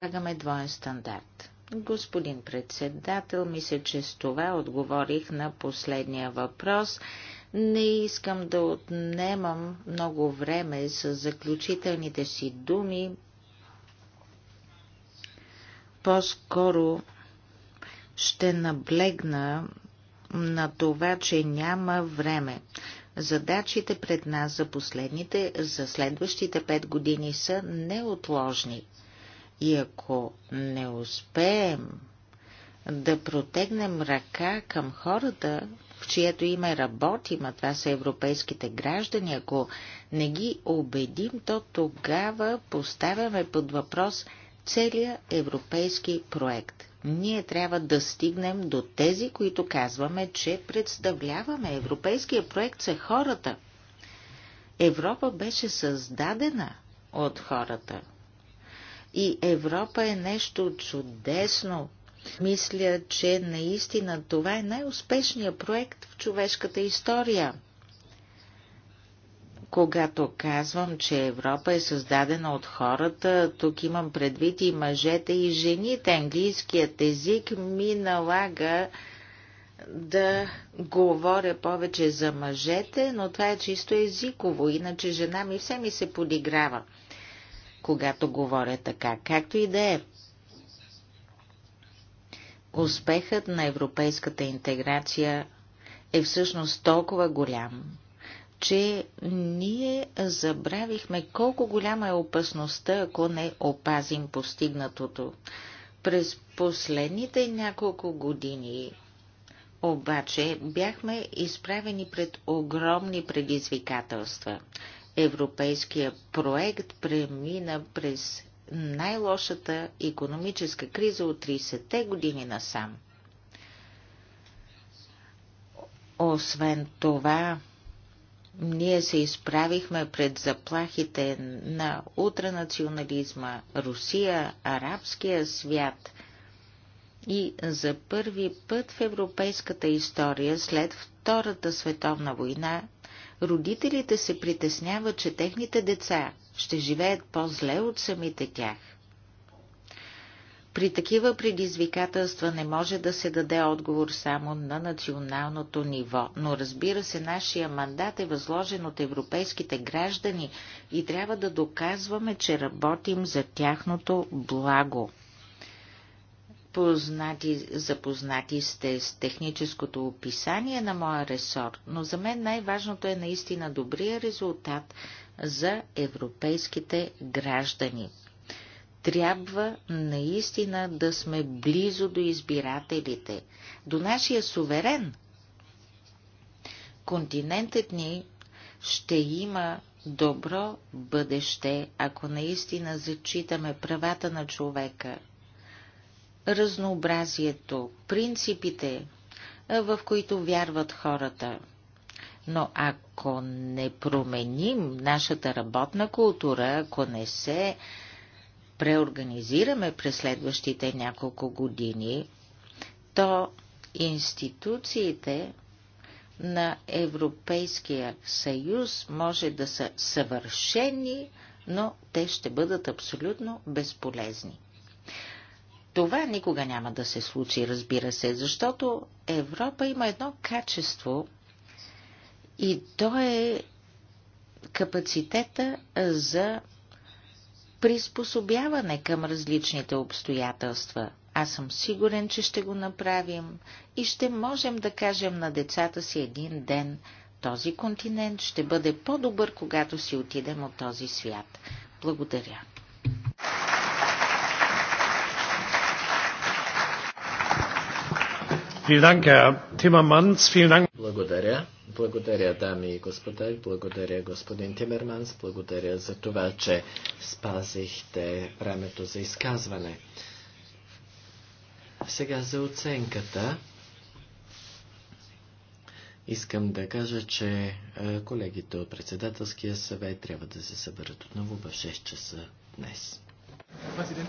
Предлагаме двоен стандарт. Господин председател, мисля, че с това отговорих на последния въпрос. Не искам да отнемам много време с заключителните си думи. По-скоро ще наблегна на това, че няма време. Задачите пред нас за последните, за следващите пет години са неотложни. И ако не успеем да протегнем ръка към хората, в чието име работим, а това са европейските граждани, ако не ги убедим, то тогава поставяме под въпрос целият европейски проект. Ние трябва да стигнем до тези, които казваме, че представляваме. Европейския проект са хората. Европа беше създадена от хората. И Европа е нещо чудесно. Мисля, че наистина това е най-успешният проект в човешката история. Когато казвам, че Европа е създадена от хората, тук имам предвид и мъжете и жените. Английският език ми налага да говоря повече за мъжете, но това е чисто езиково, иначе жена ми все ми се подиграва когато говоря така, както и да е. Успехът на европейската интеграция е всъщност толкова голям, че ние забравихме колко голяма е опасността, ако не опазим постигнатото. През последните няколко години обаче бяхме изправени пред огромни предизвикателства – Европейския проект премина през най-лошата економическа криза от 30-те години насам. Освен това, ние се изправихме пред заплахите на утранационализма Русия, арабския свят. И за първи път в европейската история след Втората световна война родителите се притесняват, че техните деца ще живеят по-зле от самите тях. При такива предизвикателства не може да се даде отговор само на националното ниво, но разбира се, нашия мандат е възложен от европейските граждани и трябва да доказваме, че работим за тяхното благо познати, запознати сте с техническото описание на моя ресор, но за мен най-важното е наистина добрия резултат за европейските граждани. Трябва наистина да сме близо до избирателите, до нашия суверен. Континентът ни ще има добро бъдеще, ако наистина зачитаме правата на човека, разнообразието, принципите, в които вярват хората. Но ако не променим нашата работна култура, ако не се преорганизираме през следващите няколко години, то институциите на Европейския съюз може да са съвършени, но те ще бъдат абсолютно безполезни. Това никога няма да се случи, разбира се, защото Европа има едно качество и то е капацитета за приспособяване към различните обстоятелства. Аз съм сигурен, че ще го направим и ще можем да кажем на децата си един ден, този континент ще бъде по-добър, когато си отидем от този свят. Благодаря. Благодаря. Благодаря, дами и господа. Благодаря, господин Тимерманс. Благодаря за това, че спазихте времето за изказване. Сега за оценката. Искам да кажа, че колегите от председателския съвет трябва да се съберат отново в 6 часа днес. Президент.